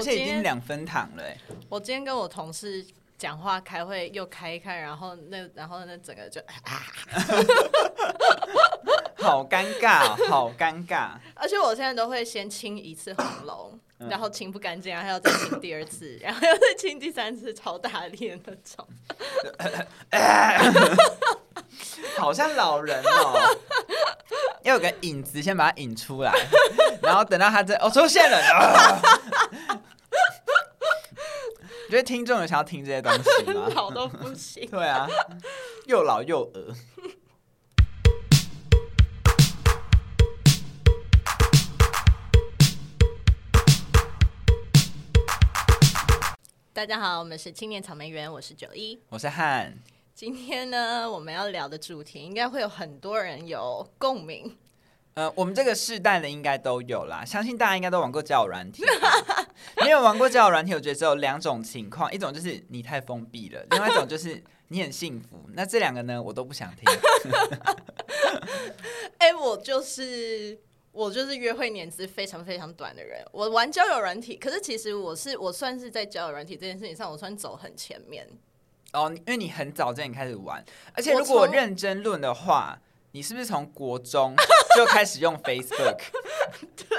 我而且已經兩分躺了，欸，我今天跟我同事講話開會又開一開，然後那然後那整個就啊， 好尷尬，哦，好尷尬！而且我現在都會先清一次喉嚨，嗯，然後清不乾淨，然後要再清第二次咳咳，然後又再清第三次，超大力的那種。 好像老人哦，要有個引子先把它引出來，然後等到他再哦出現了。呃 我覺得聽眾有想要聽這些東西嗎？老 都不行。 對啊，又老又惡。 大家好，我們是青年草莓園，我是 Joey，我是漢。今天呢，我們要聊的主題，應該會有很多人有共鳴。呃，我們這個世代的應該都有啦，相信大家應該都玩過交友軟體。 沒有玩過交友軟體，我覺得只有兩種情況，一種就是你太封閉了，另外一種就是你很幸福。那這兩個呢，我都不想聽。哎、 欸，我就是我就是約會年資非常非常短的人。我玩交友軟體，可是其實我是我算是在交友軟體這件事情上，我算走很前面。哦，因為你很早就已經開始玩，而且如果認真論的話。你是不是從國中就開始用 Facebook？ 對，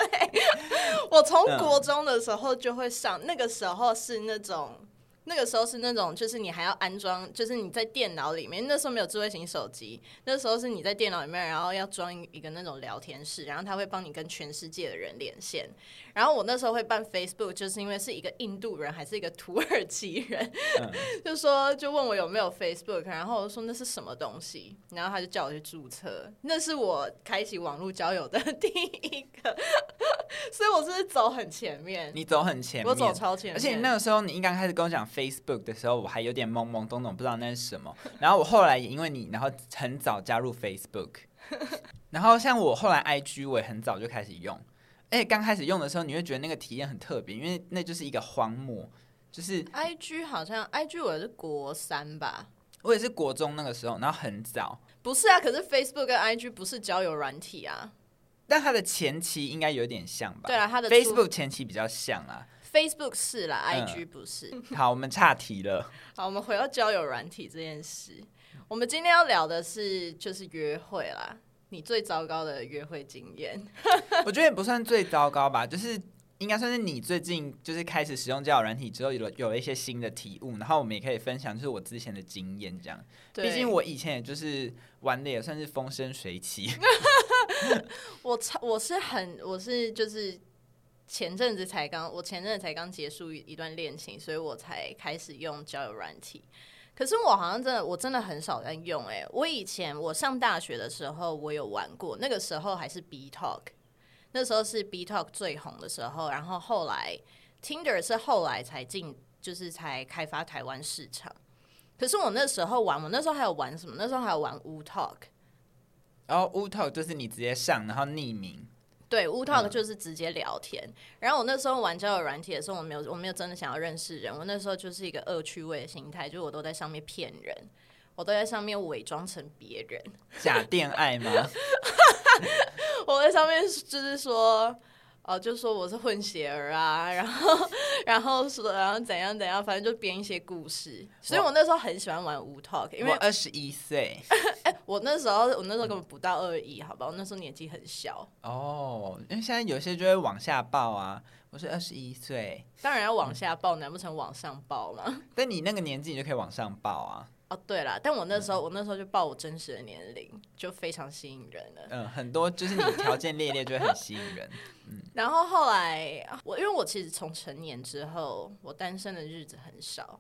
我從國中的時候就會上，那個時候是那種，那個時候是那種，就是你還要安裝，就是你在電腦裡面，那時候沒有智慧型手機，那時候是你在電腦裡面，然後要裝一個那種聊天室，然後他會幫你跟全世界的人連線。然後我那時候會辦 Facebook，就是因為是一個印度人還是一個土耳其人、嗯， 就說就問我有沒有 Facebook，然後我說那是什麼東西，然後他就叫我去注冊，那是我開啟網路交友的第一個， 所以我是走很前面，你走很前面，我走超前面，而且那個時候你一剛開始跟我講 Facebook 的時候，我還有點懵懵懂懂，不知道那是什麼， 然後我後來也因為你，然後很早加入 Facebook，然後像我後來 IG 我也很早就開始用。哎、欸，剛開始用的時候，你會覺得那個體驗很特別，因為那就是一個荒漠。就是 I G 好像 I G 我也是國三吧，我也是國中那個時候，然後很早。不是啊，可是 Facebook 跟 I G 不是交友軟體啊。但它的前期應該有點像吧？對啊，他的 Facebook 前期比較像啊。Facebook 是啦，I G 不是、嗯。好，我們岔題了。 好，我們回到交友軟體這件事。我們今天要聊的是，就是約會啦。你最糟糕的約會經驗，我覺得也不算最糟糕吧？ 就是應該算是你最近就是開始使用交友軟體之後有了有了一些新的體悟，然後我們也可以分享就是我之前的經驗這樣。對。畢竟我以前也就是玩的也算是風生水起。 我操，我是很，我是就是前陣子才剛，我前陣子才剛結束一段戀情，所以我才開始用交友軟體。可是我好像真的，我真的很少在用誒、欸。我以前我上大學的時候，我有玩過，那個時候還是 B Talk，那時候是 B Talk 最紅的時候。然後後來 Tinder 是後來才進，就是才開發台灣市場。可是我那時候玩，我那時候還有玩什麼？那時候還有玩 Wootalk，然後、oh, Wootalk 就是你直接上，然後匿名。對，Wootalk 就是直接聊天、嗯。然後我那時候玩交友軟體的時候，我沒有，我沒有真的想要認識人。我那時候就是一個惡趣味的心態，就是我都在上面騙人，我都在上面偽裝成別人。假戀愛嗎？ 我在上面就是說。哦，就說我是混血兒啊，然後，然後說，然後怎樣怎樣，反正就編一些故事。所以我那時候很喜歡玩 wootalk，因為我二十一歲。哎，我那時候，我那時候根本不到二十一，好吧，我那時候年紀很小。哦，因為現在有些就會往下報啊，我是二十一歲。當然要往下報、嗯，難不成往上報嗎？但你那個年紀，你就可以往上報啊。哦、oh，對了，但我那時候，嗯、我那時候就報我真實的年齡，就非常吸引人了。嗯，很多就是你條件列列，就會很吸引人。 嗯、然後後來我，因為我其實從成年之後，我單身的日子很少，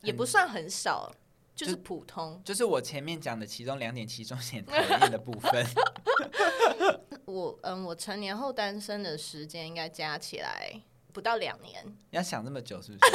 也不算很少，嗯、就是普通。就、就是我前面講的其中兩點，其中一點討厭的部分。 我嗯，我成年後單身的時間應該加起來。不到兩年，你要想這麼久是不是？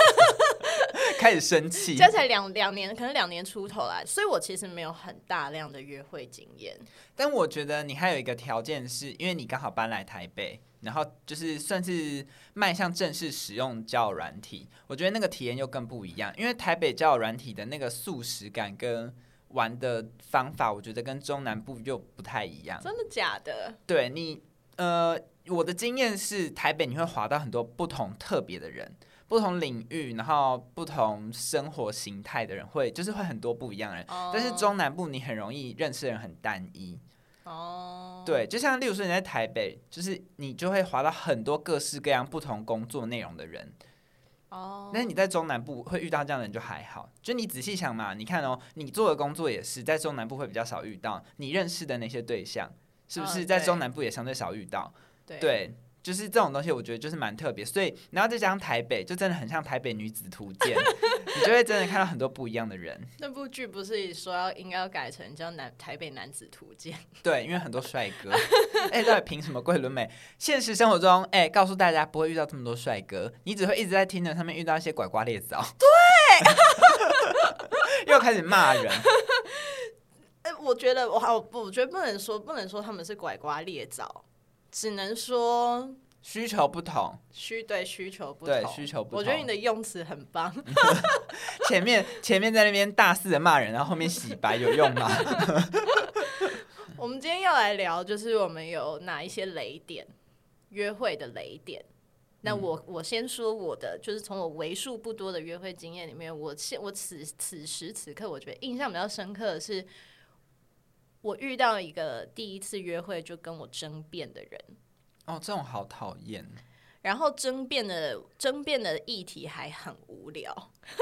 開始生氣，這才兩兩年，可能兩年出頭了，所以我其實沒有很大量的約會經驗。但我覺得你還有一個條件是，因為你剛好搬來台北，然後就是算是邁向正式使用交友軟體。我覺得那個體驗又更不一樣，因為台北交友軟體的那個速食感跟玩的方法，我覺得跟中南部又不太一樣。真的假的？對你，呃。我的經驗是，台北你會滑到很多不同特別的人，不同領域，然後不同生活形態的人，會就是會很多不一樣的人。Oh. 但是中南部你很容易認識的人很單一。哦、oh.，對，就像例如說你在台北，就是你就會滑到很多各式各樣不同工作內容的人。哦、oh.，但是你在中南部會遇到這樣的人就還好。就你仔細想嘛，你看哦，你做的工作也是在中南部會比較少遇到，你認識的那些對象是不是在中南部也相對少遇到？Oh, okay. 對，對，就是這種東西，我覺得就是蠻特別。所以，然後再加上台北，就真的很像《台北女子圖鑑，》 你就會真的看到很多不一樣的人。那部劇不是說要應該要改成叫《男台北男子圖鑑》？對，因為很多帥哥。哎、 欸，到底憑什麼桂綸鎂？現實生活中，哎、欸，告訴大家不會遇到這麼多帥哥，你只會一直在 Tinder 上面遇到一些拐瓜裂棗。對， 又開始罵人。哎、 欸，我覺得我不我覺得不能說，不能說他們是拐瓜裂棗。只能說需求不同，需對需求不同，需求不同。我覺得你的用詞很棒。 前面前面在那邊大肆的罵人，然後後面洗白 有用嗎？ 我們今天要來聊，就是我們有哪一些雷點？約會的雷點。那我、嗯、我先說我的，就是從我為數不多的約會經驗裡面，我現我此此時此刻，我覺得印象比較深刻的是。我遇到一個第一次約會就跟我爭辯的人，哦，這種好討厭。然後爭辯的爭辯的議題還很無聊。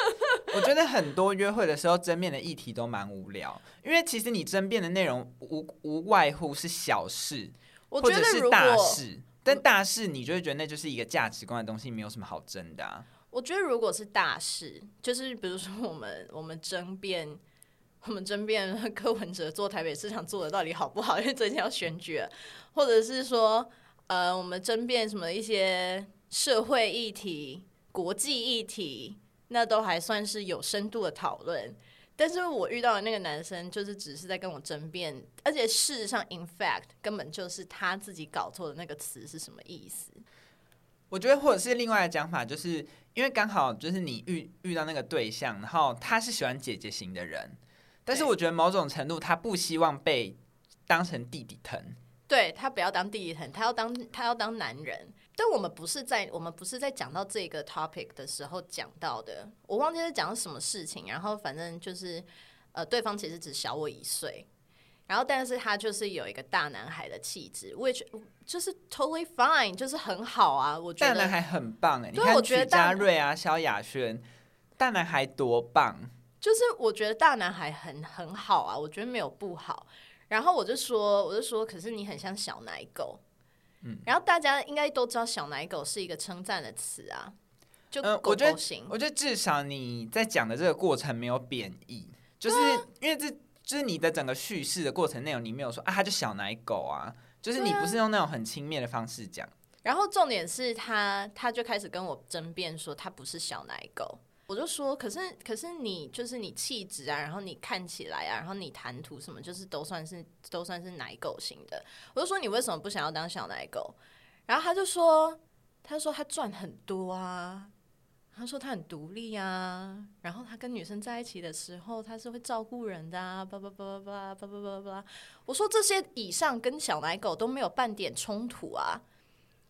我覺得很多約會的時候爭辯的議題都蠻無聊，因為其實你爭辯的內容無無外乎是小事，我覺得，或者是大事。但大事你就會覺得那就是一個價值觀的東西，沒有什麼好爭的啊。我覺得如果是大事，就是比如說我們我們爭辯。我們爭辯柯文哲做台北市長做的到底好不好？因為最近要選舉了，或者是說，呃，我們爭辯什麼一些社會議題、國際議題，那都還算是有深度的討論。但是我遇到的那個男生，就是只是在跟我爭辯，而且事實上，in fact，根本就是他自己搞錯的那個詞是什麼意思。我覺得，或者是另外的講法，就是因為剛好就是你遇遇到那個對象，然後他是喜歡姐姐型的人。但是我覺得某種程度，他不希望被當成弟弟疼。對，他不要當弟弟疼，他要當他要當男人。但我們不是在我們不是在講到這個 topic 的時候講到的，我忘記是講什麼事情。然後反正就是，呃，對方其實只小我一歲，然後但是他就是有一個大男孩的氣質，which 就是 totally fine，就是很好啊。我覺得大男孩很棒哎，你看曲家瑞啊，蕭亞軒，大男孩多棒。就是我覺得大男孩很很好啊，我覺得沒有不好。然後我就說，我就說，可是你很像小奶狗。嗯，然後大家應該都知道，小奶狗是一個稱讚的詞啊。就狗狗行、嗯、我覺得，我覺得至少你在講的這個過程沒有貶義，就是、啊、因為這就是你的整個敘事的過程內容，你沒有說啊，他就小奶狗啊，就是你不是用那種很輕蔑的方式講、啊。然後重點是他，他就開始跟我爭辯說他不是小奶狗。我就說，可是可是你就是你氣質啊，然後你看起來啊，然後你談吐什麼，就是都算是都算是奶狗型的。我就說你為什麼不想要當小奶狗？然後他就說，他說他賺很多啊，他說他很獨立啊，然後他跟女生在一起的時候，他是會照顧人的啊，叭叭叭叭叭叭叭叭叭，我說這些以上跟小奶狗都沒有半點衝突啊。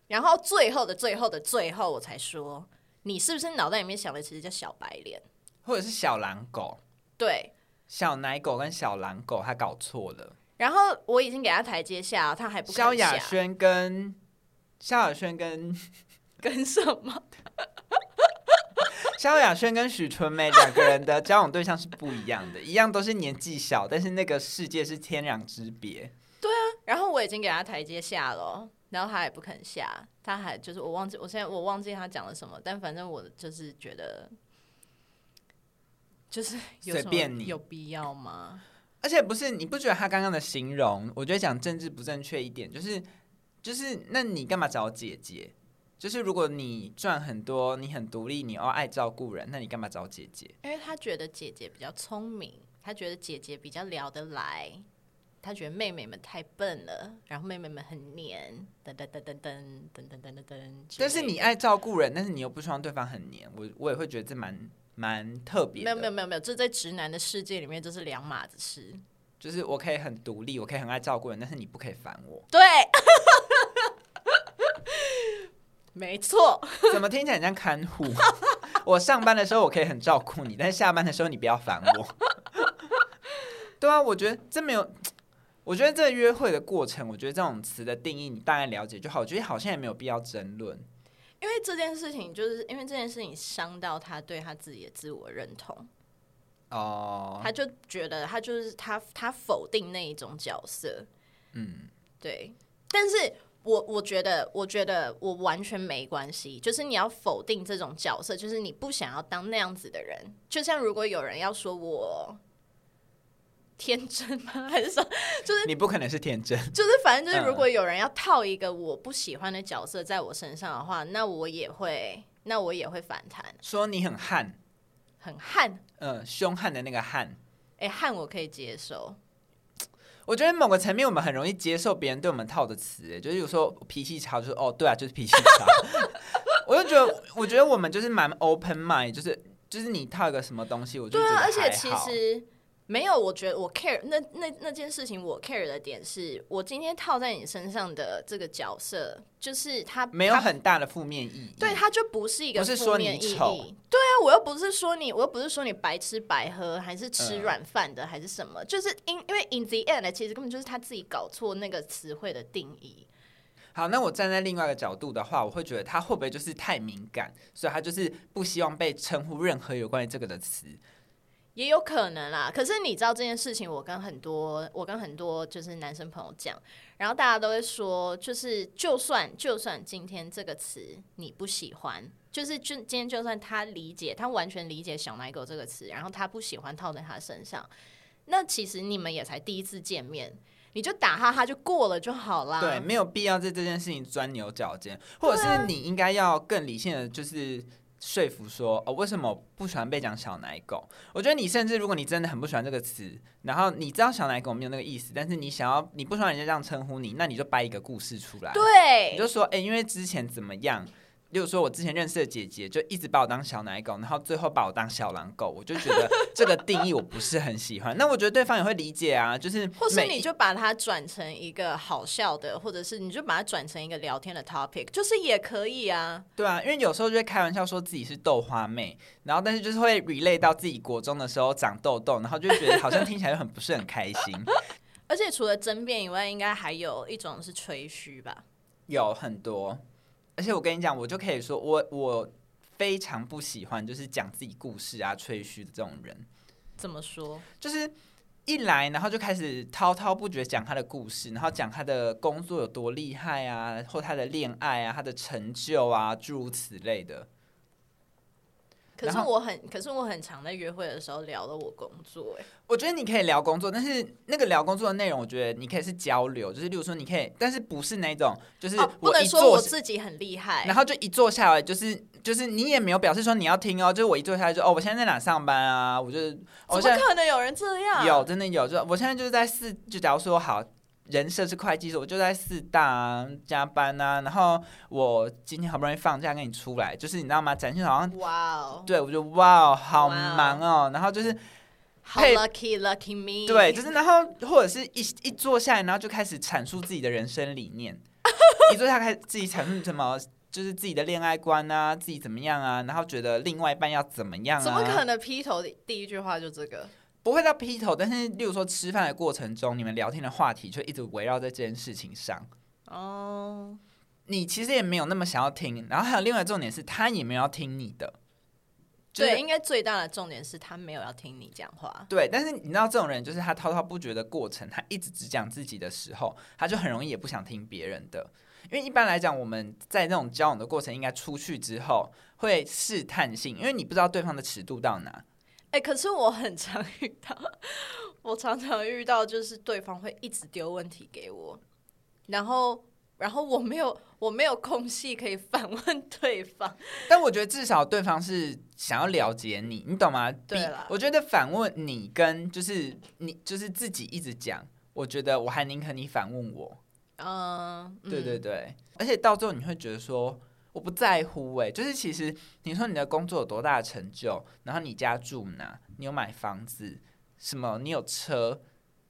然後最後的最後的最後，我才說。你是不是腦袋裡面想的其實叫小白臉，或者是小狼狗？對，小奶狗跟小狼狗他搞錯了。然後我已經給他台階下，他還不。蕭亞軒跟蕭亞軒跟跟什麼？蕭亞軒跟許純美兩個人的交往對象是不一樣的， 一樣都是年紀小，但是那個世界是天壤之別。對啊，然後我已經給他台階下了。然後他也不肯下，他還就是我忘記，我現在我忘記他講了什麼，但反正我就是覺得，就是隨便你有必要嗎？而且不是你不覺得他剛剛的形容，我覺得講政治不正確一點，就是就是那你幹嘛找姐姐？就是如果你賺很多，你很獨立，你要愛照顧人，那你幹嘛找姐姐？因為他覺得姐姐比較聰明，他覺得姐姐比較聊得來。他覺得妹妹們太笨了，然後妹妹們很黏，但是你愛照顧人，但是你又不希望對方很黏，我我也會覺得這蠻蠻特別。沒有沒有沒有沒有，這在直男的世界裡面這是兩碼子事。就是我可以很獨立，我可以很愛照顧人，但是你不可以煩我。對， 沒錯。怎麼聽起來很像看護？ 我上班的時候我可以很照顧你，但是下班的時候你不要煩我。 對啊，我覺得這沒有。我覺得這約會的過程，我覺得這種詞的定義，你大概了解就好。我覺得好像也沒有必要爭論，因為這件事情，就是因為這件事情傷到他對他自己的自我認同。哦、oh.，他就覺得他就是他，他否定那一種角色。嗯，對。但是我我覺得，我覺得我完全沒關係。就是你要否定這種角色，就是你不想要當那樣子的人。就像如果有人要說我。天真嗎？還是說，就是你不可能是天真，就是反正就是，如果有人要套一個我不喜歡的角色在我身上的話，嗯、那我也會，那我也會反彈。說你很悍，很悍，嗯，凶悍的那個悍，哎、欸，悍我可以接受。我覺得某個層面，我們很容易接受別人對我們套的詞，哎，就是有時候脾氣差，就是哦，對啊，就是脾氣差。 我就覺得，我覺得我們就是蠻 open mind，就是就是你套一個什麼東西，我就覺得好。對啊，而且其實。沒有，我覺得我 care 那那那件事情，我 care 的點是我今天套在你身上的這個角色，就是他沒有很大的負面意義，對，他就不是一個不是說你醜，對啊，我又不是說你，我又不是說你白吃白喝，還是吃軟飯的，嗯、還是什麼，就是因因為 in the end 呢，其實根本就是他自己搞錯那個詞彙的定義。好，那我站在另外一個角度的話，我會覺得他會不會就是太敏感，所以他就是不希望被稱呼任何有關於這個的詞。也有可能啦，可是你知道這件事情，我跟很多我跟很多就是男生朋友講，然後大家都會說，就是就算就算今天這個詞你不喜歡，就是就今天就算他理解他完全理解小奶狗這個詞，然後他不喜歡套在他身上，那其實你們也才第一次見面，你就打哈哈就過了就好啦，對，沒有必要在這件事情鑽牛角尖，或者是你應該要更理性的就是。說服說哦，為什麼不喜歡被講小奶狗？我覺得你甚至如果你真的很不喜歡這個詞，然後你知道小奶狗沒有那個意思，但是你想要你不喜歡人家這樣稱呼你，那你就掰一個故事出來，對，你就說哎、欸，因為之前怎麼樣？就是說我之前認識的姐姐，就一直把我當小奶狗，然後最後把我當小狼狗，我就覺得這個定義我不是很喜歡。 那我覺得對方也會理解啊，就是，或是你就把它轉成一個好笑的，或者是你就把它轉成一個聊天的 topic，就是也可以啊。對啊，因為有時候就會開玩笑說自己是豆花妹，然後但是就是會 relay 到自己國中的時候長痘痘，然後就覺得好像聽起來就很 不是很開心。 而且除了爭辯以外，應該還有一種是吹噓吧？有很多。而且我跟你講，我就可以說我，我我非常不喜歡就是講自己故事啊、吹噓的這種人。怎麼說？就是一來，然後就開始滔滔不絕講他的故事，然後講他的工作有多厲害啊，或他的戀愛啊、他的成就啊，諸如此類的。可是我很，可是我很常在約會的時候聊了我工作、欸、我覺得你可以聊工作，但是那個聊工作的內容，我覺得你可以是交流，就是比如說你可以，但是不是那一種就是我一坐、哦、不能說我自己很厲害。然後就一坐下來，就是就是你也沒有表示說你要聽哦，就是我一坐下來就哦，我現在在哪上班啊？我覺得怎麼可能有人這樣？有真的有，就我現在就是在試，就假如說好。人設是會計師，我就在四大、啊、加班啊。然後我今天好不容易放假跟你出來，就是你知道嗎？展現好像哇，哦、wow.，對，我覺得哇，好忙哦。然後就是好、hey, lucky, lucky me！對，就是然後或者是一一坐下來，然後就開始闡述自己的人生理念。 一坐下開始自己闡述什麼，就是自己的戀愛觀啊，自己怎麼樣啊，然後覺得另外一半要怎麼樣啊？怎麼可能劈頭第一句話就這個？不會到劈頭，但是例如說吃飯的過程中，你們聊天的話題卻一直圍繞在這件事情上。哦、oh.，你其實也沒有那麼想要聽，然後還有另外一個重點是他也沒有要聽你的、就是。對，應該最大的重點是他沒有要聽你講話。對，但是你知道這種人就是他滔滔不絕的過程，他一直只講自己的時候，他就很容易也不想聽別人的。因為一般來講，我們在那種交往的過程，應該出去之後會試探性，因為你不知道對方的尺度到哪。欸，可是我很常遇到，我常常遇到就是對方會一直丟問題給我，然後，然後我沒有，我沒有空隙可以反問對方。但我覺得至少對方是想要了解你，你懂嗎？對啦，我覺得反問你跟就是你就是自己一直講，我覺得我還寧可你反問我。Uh, 嗯，對對對，而且到最後你會覺得說。我不在乎，哎，就是其實你說你的工作有多大成就，然後你家住哪，你有買房子什麼，你有車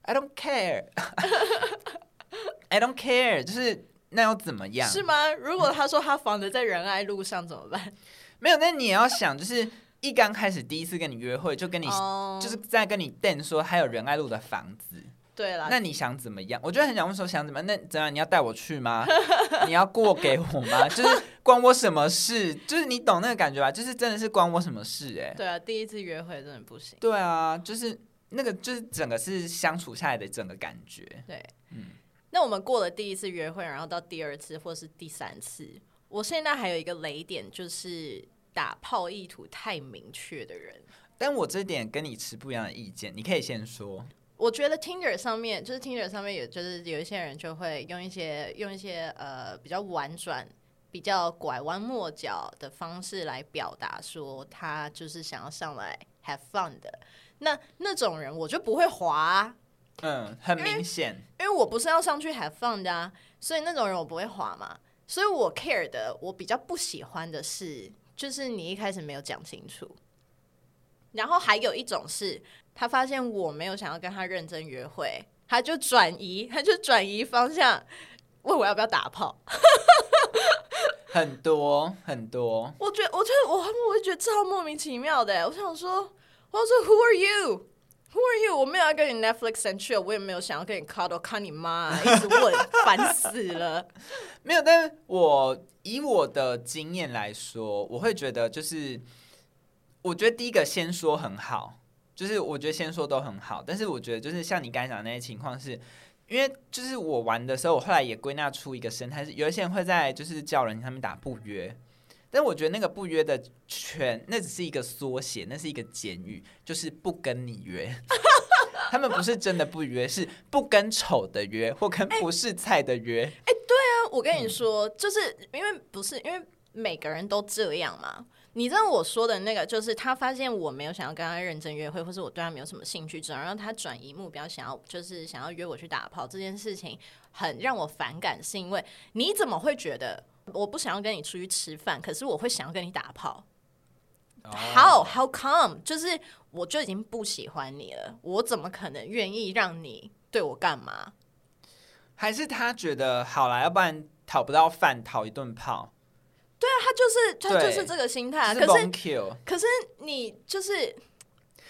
，I don't care，I don't care，就是那又怎麼樣？是嗎？如果他說他房子在仁愛路上 怎麼辦？沒有，那你也要想，就是一剛開始第一次跟你約會，就跟你、oh. 就是在跟你瞪說，還有仁愛路的房子。對了，那你想怎麼樣？我覺得很想問說想怎麼樣？那怎樣？你要帶我去嗎？ 你要過給我嗎？就是關我什麼事？就是你懂那個感覺吧？就是真的是關我什麼事、欸？哎，對啊，第一次約會真的不行。對啊，就是那個，就是整個是相處下來的整個感覺。對，嗯。那我們過了第一次約會，然後到第二次或是第三次，我現在還有一個雷點，就是打炮意圖太明確的人。但我這點跟你持不一樣的意見，你可以先說。我覺得 Tinder 上面，就是 Tinder 上面有，就是有一些人就會用一些用一些呃比較婉轉、比較拐彎抹角的方式來表達說他就是想要上來 have fun 的。那那種人我就不會滑啊，嗯，很明顯，因為我不是要上去 have fun 的啊，所以那種人我不會滑嘛。所以我 care 的，我比較不喜歡的是，就是你一開始沒有講清楚。然後還有一種是。他發現我沒有想要跟他認真約會，他就轉移，他就轉移方向，問我要不要打炮， 很多很多。我覺得，我覺得我，我會覺得超莫名其妙的。我想說，我說 Who are you? Who are you? 我沒有要跟你 Netflix and chill，我也沒有想要跟你 cuddle，看你媽、啊，一直問，煩 死了。沒有，但是我以我的經驗來說，我會覺得就是，我覺得第一個先說很好。就是我覺得先說都很好，但是我覺得就是像你剛才講的那些情況，是因為就是我玩的時候，我後來也歸納出一個生態，是有一些人會在就是叫人他們打不約，但我覺得那個不約的全那只是一個縮寫，那是一個簡語，就是不跟你約， 他們不是真的不約，是不跟醜的約或跟不是菜的約。哎、欸欸，對啊，我跟你說，嗯、就是因為不是因為每個人都這樣嘛。你知道我說的那個，就是他發現我沒有想要跟他認真約會，或是我對他沒有什麼興趣，之後讓他轉移目標，想要就是想要約我去打炮這件事情，很讓我反感，是因為你怎麼會覺得我不想要跟你出去吃飯，可是我會想要跟你打炮？Oh,How how come？就是我就已經不喜歡你了，我怎麼可能願意讓你對我幹嘛？還是他覺得好啦，要不然討不到飯，討一頓炮。對啊，他就是他就是這個心態。可是，是可是你就是，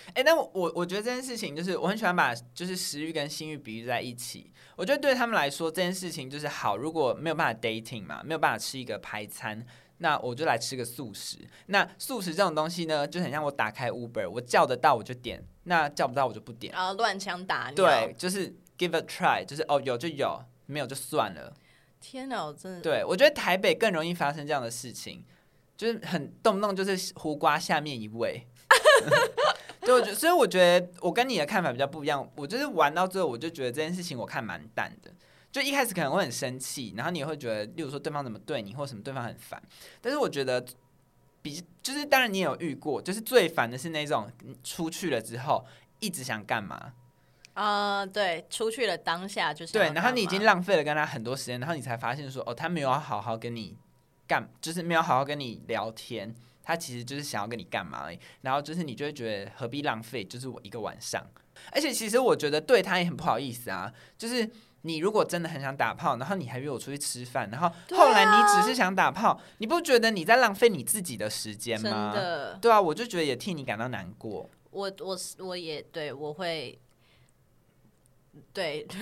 哎、欸，那我我覺得這件事情就是我很喜歡把就是食欲跟性欲比喻在一起。我覺得對他們來說這件事情就是好，如果沒有辦法 dating 嘛，沒有辦法吃一個排餐，那我就來吃個素食。那素食這種東西呢，就很像我打開 Uber，我叫得到我就點，那叫不到我就不點。啊，亂槍打你。對，就是 give a try，就是，哦，有就有，沒有就算了。天哪，我真的對我覺得台北更容易發生這樣的事情，就是很動不動就是胡瓜下面一位， 就，我就所以我覺得我跟你的看法比較不一樣。我就是玩到最後，我就覺得這件事情我看蠻淡的。就一開始可能會很生氣，然後你也會覺得，例如說對方怎麼對你，或什麼對方很煩。但是我覺得比就是當然你也有遇過，就是最煩的是那種出去了之後一直想幹嘛。嗯、uh，對，出去了當下就是對，然後你已經浪費了跟他很多時間，然後你才發現說，哦，他沒有好好跟你幹，就是沒有好好跟你聊天，他其實就是想要跟你幹嘛？然後就是你就會覺得何必浪費，就是我一個晚上。而且其實我覺得對他也很不好意思啊，就是你如果真的很想打炮，然後你還約我出去吃飯，然後後來你只是想打炮，啊、你不覺得你在浪費你自己的時間嗎？真的，對啊，我就覺得也替你感到難過。我，我，我也對，我會。對， 對，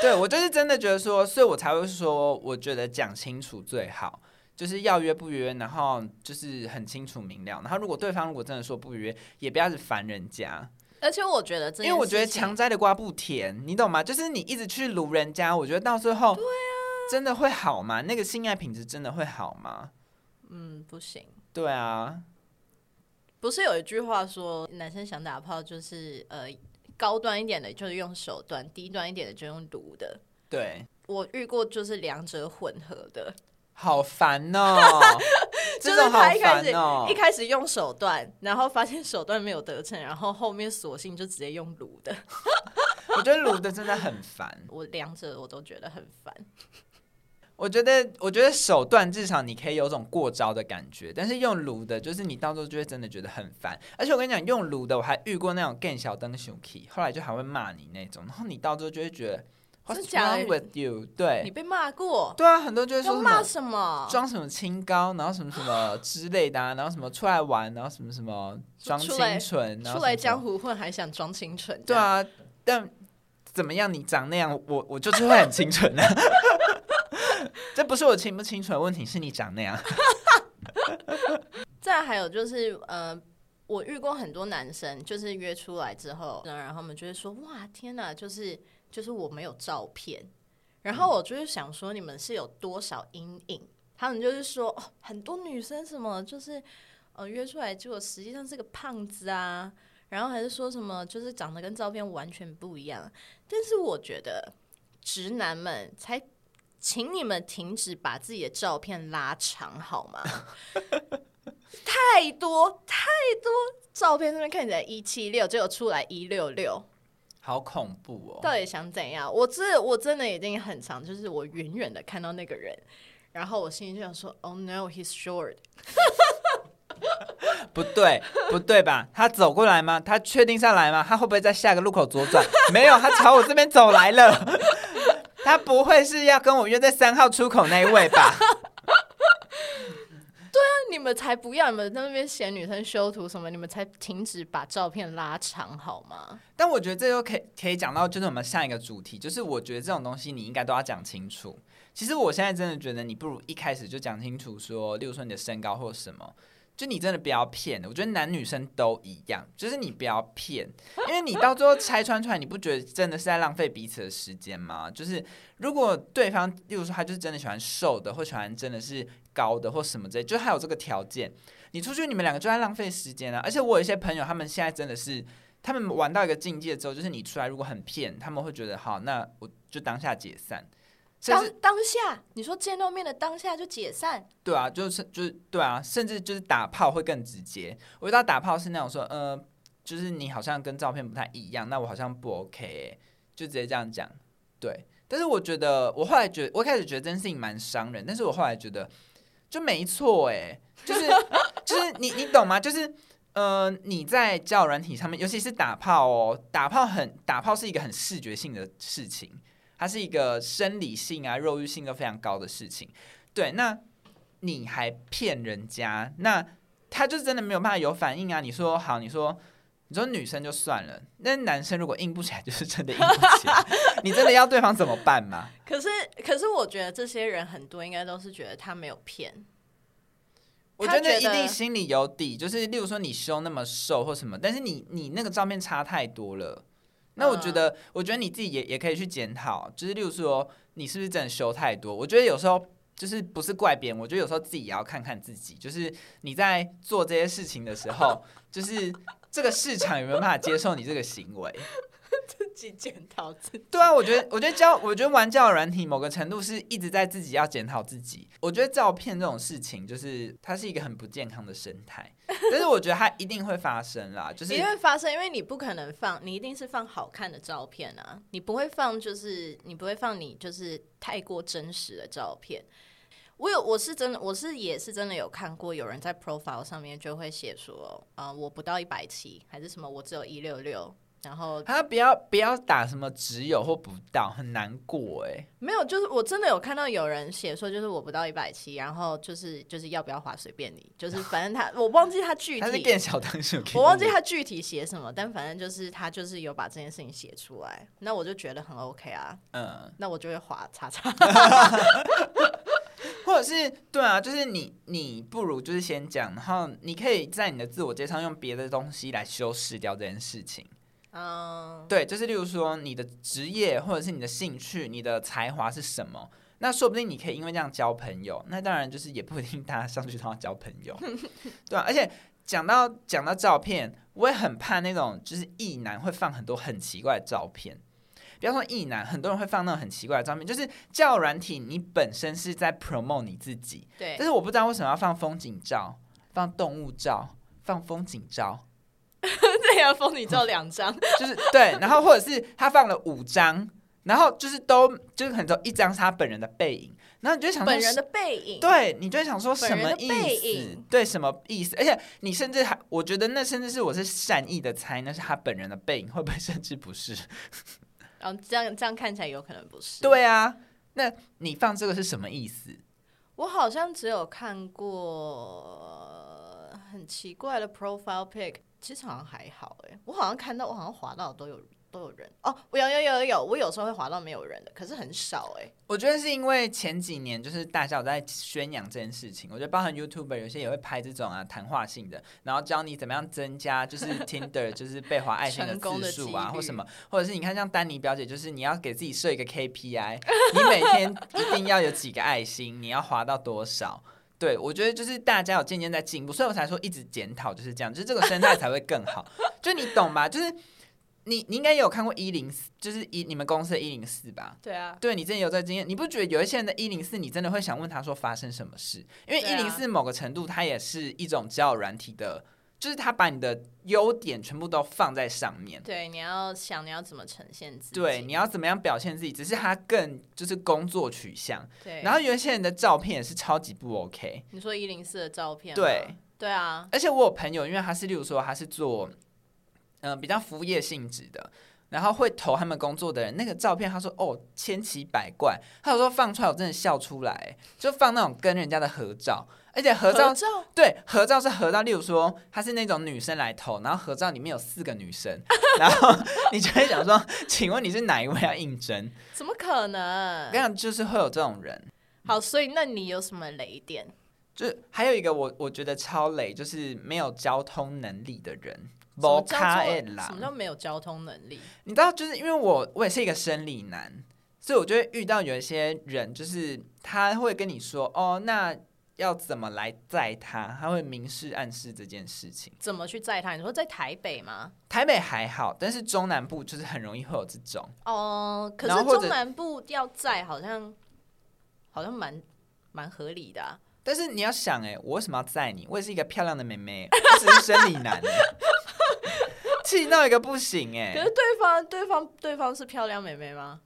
對，我就是真的覺得說，所以我才會說，我覺得講清楚最好，就是要約不約，然後就是很清楚明了，然後如果對方如果真的說不約，也不要去煩人家。而且我覺得，因為我覺得強摘的瓜不甜，你懂嗎？就是你一直去擼人家，我覺得到最後，真的會好嗎？對啊，那個性愛品質真的會好嗎？嗯，不行。對啊，不是有一句話說，男生想打炮就是呃。高端一點的就是用手段，低端一點的就用滷的。對，我遇過就是兩者混合的，好煩、喔、 就是他一開始、這個喔、一開始用手段，然後發現手段沒有得逞，然後後面索性就直接用滷的。 我覺得滷的真的很煩，我兩者我都覺得很煩。我覺得，我覺得手段至少你可以有種過招的感覺，但是用盧的，就是你到時候就會真的覺得很煩。而且我跟你講，用盧的我還遇過那種 g 小燈熊 k 後來就還會罵你那種，然後你到時候就會覺得好像 What's wrong with you？對，你被罵過。對啊，很多就是說罵什麼，裝什麼清高，然後什麼什麼之類的啊，然後什麼出來玩，然後什麼什麼裝清純，出來江湖混還想裝清純。對啊，但怎麼樣，你長那樣，我我就是會很清純的。這不是我清不清楚的問題，是你長那樣。 再還有就是，呃，我遇過很多男生，就是約出來之後，然後他們就會說：“哇，天吶，啊，就是就是我沒有照片。”然後我就是想說，你們是有多少陰影？嗯。他們就是說，哦，很多女生什麼就是呃約出來，結果實際上是個胖子啊，然後還是說什麼就是長得跟照片完全不一樣。但是我覺得，直男們才。請你們停止把自己的照片拉長好嗎？ 太多太多照片上面看起來一七六，結果出來一六六，好恐怖哦！到底想怎樣？我這我真的已經很長，就是我遠遠的看到那個人，然後我心裡就想說：“Oh no, he's short。 ”不對，不對吧？他走過來嗎？他確定下來嗎？他會不會在下個路口左轉？ 沒有，他朝我這邊走來了。 他不會是要跟我約在三號出口那一位吧？ 對啊，你們才不要！你們在那邊嫌女生修圖什麼，你們才停止把照片拉長好嗎？但我覺得這就可以可以講到，就是我們下一個主題，就是我覺得這種東西你應該都要講清楚。其實我現在真的覺得，你不如一開始就講清楚，說，例如說你的身高或什麼。就你真的不要騙的，我覺得男女生都一樣，就是你不要騙，因為你到最後拆穿出來，你不覺得真的是在浪費彼此的時間嗎？就是如果對方，例如說他就是真的喜歡瘦的，或喜歡真的是高的，或什麼之類，就他有這個條件，你出去你們兩個就在浪費時間了啊。而且我有一些朋友，他們現在真的是，他們玩到一個境界之後，就是你出來如果很騙，他們會覺得好，那我就當下解散。當當下你說見到面的當下就解散，對啊，就是就是對啊，甚至就是打炮會更直接。我遇到打炮是那種說，嗯、呃，就是你好像跟照片不太一樣，那我好像不 OK，欸、就直接這樣講。對，但是我覺得我後來覺，我開始覺得這件事情蠻傷人，但是我後來覺得就沒錯哎、欸，就是 就是你你懂嗎？就是呃，你在交友軟體上面，尤其是打炮哦、喔，打炮很打炮是一個很視覺性的事情。他是一個生理性啊、肉慾性都非常高的事情，對。那你還騙人家，那他就真的沒有辦法有反應啊！你說好，你說你說女生就算了，那男生如果硬不起來，就是真的硬不起來。 你真的要對方怎麼辦嗎？可是，可是我覺得這些人很多應該都是覺得他沒有騙。我覺得，覺得一定心裡有底，就是例如說你胸那麼瘦或什麼，但是你你那個照片差太多了。那我覺得，我覺得你自己也也可以去檢討，就是例如說，你是不是真的修太多？我覺得有時候就是不是怪別人，我覺得有時候自己也要看看自己，就是你在做這些事情的時候，就是這個市場有沒有辦法接受你這個行為。自己檢討自己。對啊，我覺得，我覺得教，我覺得玩交友軟體，某個程度是一直在自己要檢討自己。我覺得照片這種事情，就是它是一個很不健康的生態，但是我覺得它一定會發生啦。 就是一定會發生，因為你不可能放，你一定是放好看的照片啊，你不會放，就是你不會放你就是太過真實的照片。我有，我是真的，我是也是真的有看過，有人在 profile 上面就會寫說，啊、呃，我不到一百七，還是什麼，我只有一六六。然後他不要不要打什麼只有或不到很難過哎，沒有，就是我真的有看到有人寫說，就是我不到一百七，然後就是就是要不要滑隨便你，就是反正他我忘記他具體 他是變小當什麼，我忘記他具體寫什麼，但反正就是他就是有把這件事情寫出來，那我就覺得很 OK 啊，嗯，那我就會滑叉叉 ， 或者是對啊，就是你你不如就是先講，然後你可以在你的自我介紹用別的東西來修飾掉這件事情。哦、uh...，對，就是例如說你的職業或者是你的興趣、你的才華是什麼，那說不定你可以因為這樣交朋友。那當然就是也不一定大家上去都要交朋友， 對吧、啊？而且講到講到照片，我也很怕那種就是異男會放很多很奇怪的照片，比方說異男，很多人會放那種很奇怪的照片，就是交友軟體，你本身是在 promote 你自己，對。但是我不知道為什麼要放風景照、放動物照、放風景照。 要封你照兩張，就是對，然後或者是他放了五張， 然後就是都就是很多一張是他本人的背影，然後你就會想說本人的背影，對，你就會想說什麼意思？對，什麼意思？而且你甚至還我覺得那甚至是我是善意的猜那是他本人的背影，會不會甚至不是？然後、 啊、這樣這樣看起來有可能不是。對啊，那你放這個是什麼意思？我好像只有看過很奇怪的 profile pic。其實好像還好哎、欸，我好像看到我好像滑到都有都有人哦，oh, 我有有有有，我有時候會滑到沒有人的，可是很少哎、欸。我覺得是因為前幾年就是大家有在宣揚這件事情，我覺得包含 YouTuber 有些也會拍這種啊談話性的，然後教你怎麼樣增加就是 Tinder 就是被滑愛心的次數啊，或什麼，或者是你看像丹尼表姐，就是你要給自己設一個 KPI，你每天一定要有幾個愛心， 你要滑到多少。對，我覺得就是大家有漸漸在進步，所以我才說一直檢討就是這樣，就是這個生態才會更好。 就你懂吧？就是你你應該也有看過一零四，就是一你們公司的一零四吧？對啊，對你之前有在經驗，你不覺得有一些人的一零四，你真的會想問他說發生什麼事？因為一零四某個程度，它也是一種交軟體的。就是他把你的優點全部都放在上面，對，你要想你要怎麼呈現自己，對，你要怎麼樣表現自己，只是他更就是工作取向。對，然後有一些人的照片也是超級不 OK。你說一零四的照片，對，對啊。而且我有朋友，因為他是例如說他是做嗯、呃、比較服務業性質的，然後會投他們工作的人，那個照片他說哦，千奇百怪，他有說放出來我真的笑出來，就放那種跟人家的合照。而且合照，合照對，合照是合照，例如說她是那種女生來投，然後合照裡面有四個女生， 然後你就會想說：“請問你是哪一位要、啊、應徵？”怎麼可能？這樣就是會有這種人。好，所以那你有什麼雷點？就是還有一個我我覺得超雷，就是沒有交通能力的人。什麼叫做什麼叫沒有交通能力？你知道，就是因為我我也是一個生理男，所以我就會遇到有一些人，就是他會跟你說：“哦，那。”要怎麼來載他？他會明示暗示這件事情。怎麼去載他？你說在台北嗎？台北還好，但是中南部就是很容易會有這種。哦，可是中南部要載好像好像蠻蠻合理的、啊。但是你要想、欸，哎，我為什麼要載你？我也是一個漂亮的妹妹，我只是生理男、欸，氣 到 一個不行哎、欸。可是對方對方對方是漂亮妹妹嗎？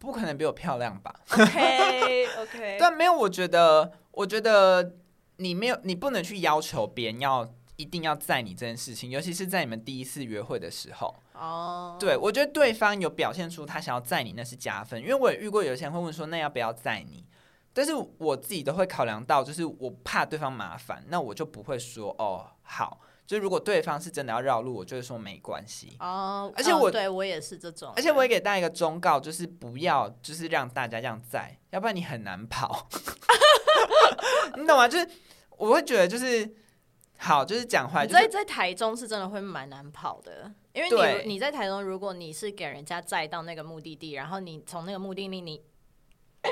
不可能比我漂亮吧？OK，OK、okay, okay. 但沒有，我覺得，我覺得你沒有，你不能去要求別人要一定要載你這件事情，尤其是在你們第一次約會的時候。哦、oh.，對，我覺得對方有表現出他想要載你，那是加分。因為我也遇過有些人會問說，那要不要載你？但是我自己都會考量到，就是我怕對方麻煩，那我就不會說哦，好。所以，如果對方是真的要繞路，我就會說沒關係。哦、oh,，而且我 oh, oh, 對我也是這種。而且我也給大家一個忠告，就是不要，就是讓大家這樣載，要不然你很難跑。 你懂嗎？就是我會覺得，就是好，就是講壞。在、就是、在台中是真的會蠻難跑的，因為你你在台中，如果你是給人家載到那個目的地，然後你從那個目的地你， 你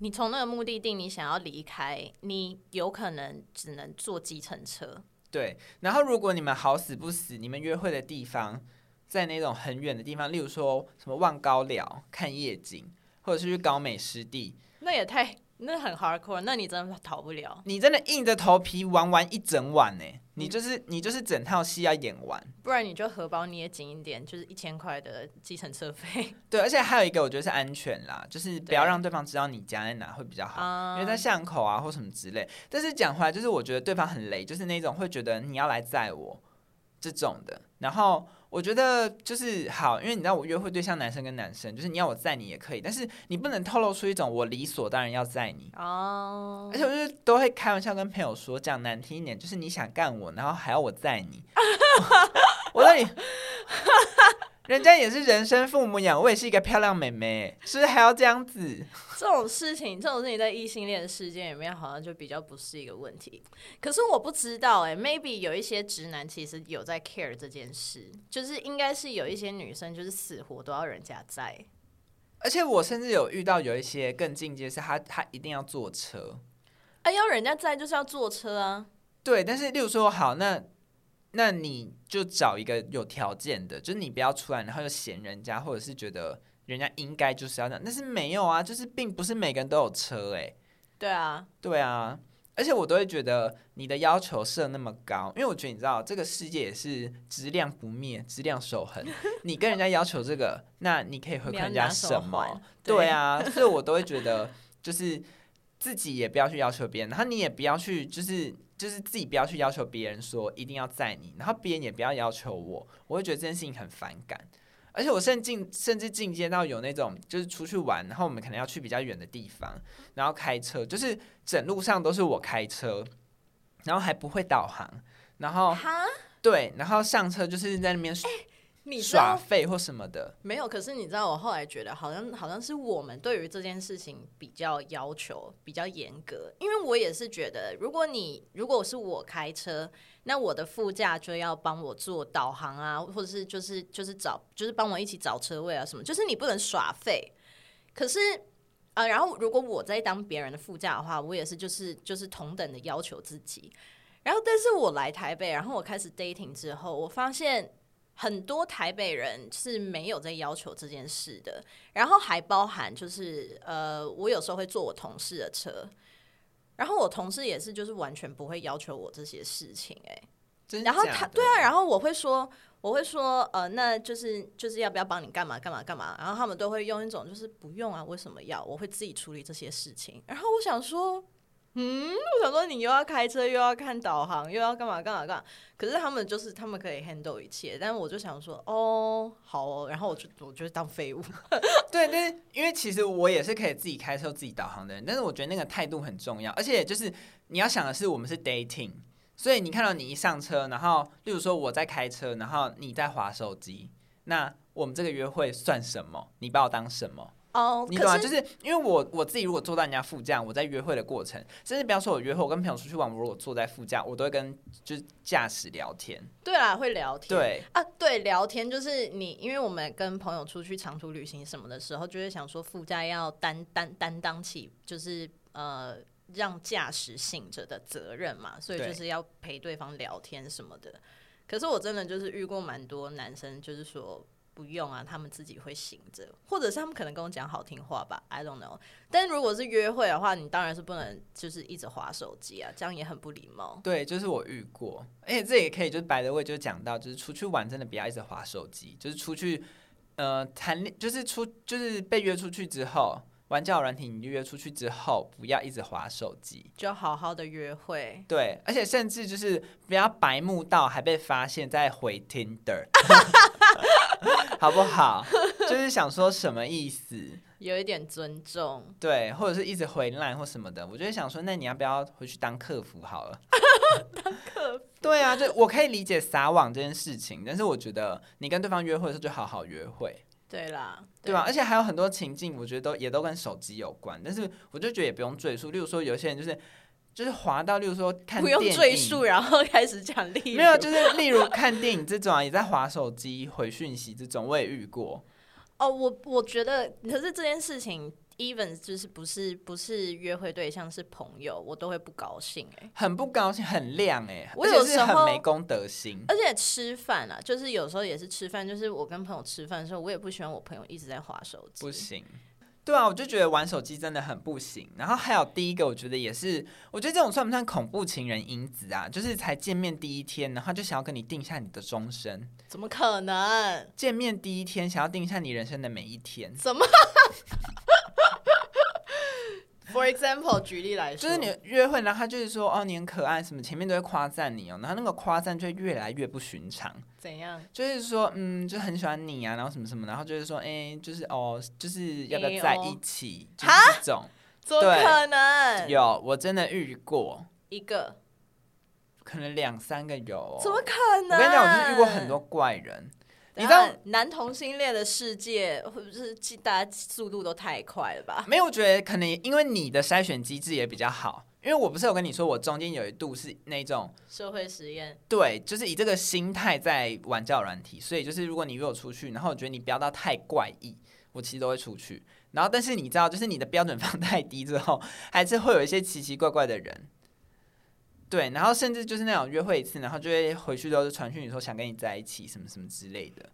你從那個目的地，你想要離開，你有可能只能坐計程車。對，然後如果你們好死不死，你們約會的地方在那種很遠的地方，例如說什麼望高寮看夜景，或者是去高美濕地，那也太……那很 hardcore，那你真的逃不了。你真的硬着頭皮玩完一整晚呢？欸嗯，你就是你就是整套戲要演完，不然你就荷包捏緊一點，就是一千塊的計程車費。對，而且還有一個我覺得是安全啦，就是不要讓對方知道你家在哪，會比較好，因為在巷口啊或什麼之類。Uh... 但是講回來，就是我覺得對方很雷，就是那種會覺得你要來載我這種的，然後。我覺得就是好，因為你知道我約會對象男生跟男生，就是你要我載你也可以，但是你不能透露出一種我理所當然要載你哦。Oh. 而且我就都會開玩笑跟朋友說，講難聽一點，就是你想幹我，然後還要我載你， 我到底。 人家也是人生父母養，我也是一個漂亮妹妹，是不是還要這樣子？這種事情，這種事情在異性戀的世界裡面好像就比較不是一個問題。可是我不知道、欸，哎，maybe 有一些直男其實有在 care 這件事，就是應該是有一些女生就是死活都要人家在。而且我甚至有遇到有一些更進階，是，他他一定要坐車，哎，要人家在就是要坐車啊。對，但是例如說好那。那你就找一個有條件的。就是你不要出來，然後又嫌人家，或者是覺得人家應該就是要那樣，但是沒有啊，就是並不是每個人都有車誒、欸。對啊，對啊，而且我都會覺得你的要求設那麼高，因為我覺得你知道這個世界也是質量不滅、質量守恆， 你跟人家要求這個，那你可以回饋人家什麼對？對啊，所以我都會覺得就是自己也不要去要求別人，然後你也不要去就是。就是自己不要去要求別人說一定要載你，然後別人也不要要求我，我會覺得這件事情很反感。而且我甚至進，甚至進階到有那種，就是出去玩，然後我們可能要去比較遠的地方，然後開車，就是整路上都是我開車，然後還不會導航，然後，huh? 對，然後上車就是在那邊。耍廢或什麼的 so, 沒有，可是你知道，我後來覺得好像好像是我們對於這件事情比較要求比較嚴格，因為我也是覺得，如果你如果是我開車，那我的副駕就要幫我做導航啊，或者是就是就是找就是幫我一起找車位啊什麼，就是你不能耍廢。可是啊、呃，然後如果我在當別人的副駕的話，我也是就是就是同等的要求自己。然後，但是我來台北，然後我開始 dating 之後，我發現。很多台北人是沒有在要求這件事的，然後還包含就是呃，我有時候會坐我同事的車，然後我同事也是就是完全不會要求我這些事情，欸，哎，然後他對啊，然後我會說，我會說呃，那就是就是要不要幫你幹嘛幹嘛幹嘛，然後他們都會用一種就是不用啊，為什麼要？我會自己處理這些事情，然後我想說。嗯，我想說你又要開車又要看導航又要幹嘛幹嘛幹嘛，可是他們就是他們可以 handle 一切，但是我就想說哦好哦，然後我就我就當廢物 對。對，但是因為其實我也是可以自己開車自己導航的人，但是我覺得那個態度很重要，而且就是你要想的是我們是 dating，所以你看到你一上車，然後例如說我在開車，然後你在滑手機，那我們這個約會算什麼？你把我當什麼？哦、oh, 啊，你懂啊？就是因為我我自己，如果坐在人家副駕，我在約會的過程，甚至比方說我約會我跟朋友出去玩，我如果坐在副駕，我都會跟就是駕駛聊天。對啊，會聊天。對啊，對，聊天就是你，因為我們跟朋友出去長途旅行什麼的時候，就會、是、想說副駕要擔擔擔當起，就是呃讓駕駛醒着的責任嘛，所以就是要陪對方聊天什麼的。可是我真的就是遇過蠻多男生，就是說。不用啊，他們自己會醒着，或者是他們可能跟我講好聽話吧，I don't know。但如果是約會的話，你當然是不能就是一直滑手機啊，這樣也很不禮貌。對，就是我遇過，而且這也可以，就是白的，位，就講到，就是出去玩真的不要一直滑手機，就是出去呃談，就是出就是被約出去之後，玩交友軟體，你約出去之後不要一直滑手機，就好好的約會。對，而且甚至就是不要白目到還被發現在回 Tinder。 好不好？就是想說什麼意思？有一點尊重，對，或者是一直回來或什麼的，我就會想說，那你要不要回去當客服好了？ 當客服？ 對啊，就我可以理解撒網這件事情，但是我覺得你跟對方約會的時候就好好約會。對啦，對，對吧？而且還有很多情境，我覺得都也都跟手機有關，但是我就覺得也不用贅述。例如說，有些人就是。就是滑到，例如說看電影，不用贅述，然後開始講例子沒有，就是例如看電影這種、啊， 也在滑手機、回訊息這種，我也遇過。哦，我我覺得，可是這件事情，even 就是不是不是約會對象是朋友，我都會不高興哎，很不高興，很亮哎，我有時候是很沒公德心。而且吃飯啊，就是有時候也是吃飯，就是我跟朋友吃飯的時候，我也不喜歡我朋友一直在滑手機，不行。對啊，我就覺得玩手機真的很不行。然後還有第一個，我覺得也是，我覺得這種算不算恐怖情人因子啊？就是才見面第一天，然後就想要跟你定下你的終身。怎麼可能？見面第一天想要定下你人生的每一天？怎麼？ For example，舉例來說，就是你約會然後他就是說哦，你很可愛什麼，前面都會誇讚你哦，然後那個誇讚就越來越不尋常。怎樣？就是說，嗯，就很喜歡你啊，然後什麼什麼，然後就是說，哎、欸，就是哦，就是要不要在一起？啊、欸哦？就是這種，哈？對？怎麼可能？有，我真的遇過一個，可能兩三個有、哦。怎麼可能？我跟你講，我就是遇過很多怪人。你知道男同性戀的世界，會不會是大家速度都太快了吧？沒有，我覺得可能因為你的篩選機制也比較好。因為我不是有跟你說，我中間有一度是那種社會實驗，對，就是以這個心態在玩交友軟體。所以就是，如果你如果出去，然後我覺得你不要到太怪異，我其實都會出去。然後但是你知道，就是你的標準放太低之後，還是會有一些奇奇怪怪的人。對，然後甚至就是那種約會一次，然後就會回去之後傳訊息說想跟你在一起什麼什麼之類的，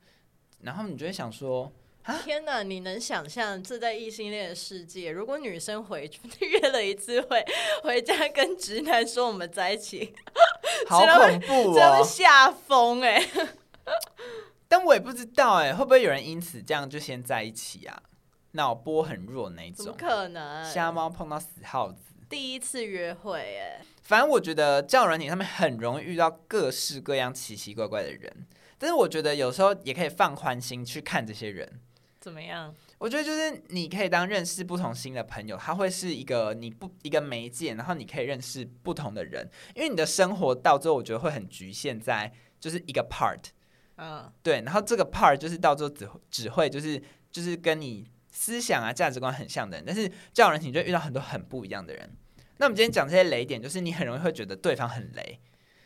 然後你就會想說啊，天哪！你能想象這在異性戀的世界，如果女生回去約了一次會，回家跟直男說我們在一起，好恐怖哦，真的嚇瘋哎！但我也不知道哎、欸，會不會有人因此這樣就先在一起啊？那我波很弱那一種，可能瞎貓碰到死耗子。第一次約會哎，反正我覺得交友軟件上很容易遇到各式各樣奇奇怪怪的人，但是我覺得有時候也可以放寬心去看這些人，怎麼樣？我覺得就是你可以當認識不同新的朋友，他會是一個你不一個媒介，然後你可以認識不同的人，因為你的生活到最後我覺得會很局限在就是一個 part，嗯、哦，對，然後這個 part 就是到最後只只會就是就是跟你。思想啊，價值觀很像的人，但是叫人你就會遇到很多很不一樣的人。那我們今天講這些雷點，就是你很容易會覺得對方很雷，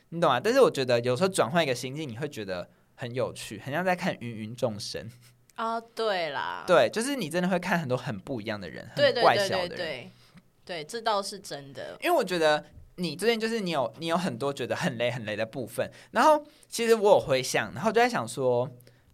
你懂嗎、啊？但是我覺得有時候轉換一個心境，你會覺得很有趣，很像在看芸芸眾生啊。對啦，對，就是你真的會看很多很不一樣的人，對對對對對對，很怪小的人，對，這倒是真的。因為我覺得你這邊就是你有你有很多覺得很雷很雷的部分。然後其實我有回想，然後就在想說。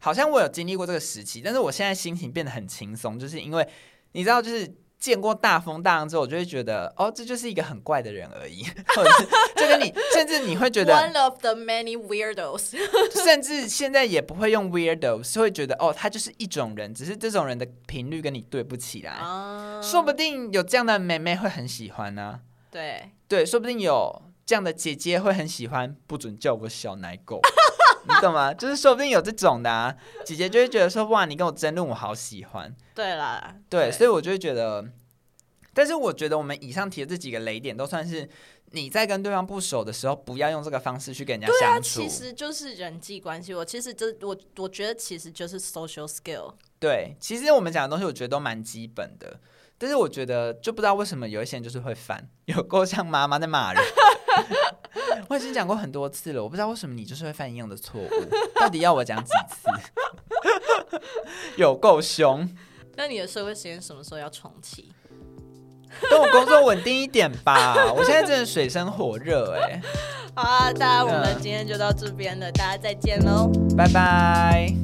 好像我有經歷過這個時期，但是我現在心情變得很輕鬆，就是因為你知道，就是見過大風大浪之後，我就會覺得，哦，這就是一個很怪的人而已，或 者 就跟你，甚至你會覺得 one of the many weirdos， 甚至現在也不會用 weirdos，是會覺得，哦，他就是一種人，只是這種人的頻率跟你對不起來，um, 說不定有這樣的妹妹會很喜歡呢、啊，對對，說不定有這樣的姐姐會很喜歡，不准叫我小奶狗。 你懂嗎？ 就是說不定有這種的、啊，姐姐就會覺得說：“哇，你跟我爭論，我好喜歡。對”對啦，對，所以我就會覺得。但是我覺得我們以上提的這幾個雷點，都算是你在跟對方不熟的時候，不要用這個方式去跟人家相處。啊、其實就是人際關係。我其實就、就是、我我覺得其實就是 social skill。對，其實我們講的東西，我覺得都蠻基本的，但是我覺得就不知道為什麼有一些人就是會煩，有夠像媽媽在罵人。 我已經講過很多次了，我不知道為什麼你就是會犯一樣的錯誤，到底要我講幾次？ 有夠兇！那你的社會實驗什麼時候要重啟？等我工作穩定一點吧， 我現在真的水深火熱哎、欸。好啊，大家我們今天就到這邊了，大家再見嘍，拜拜。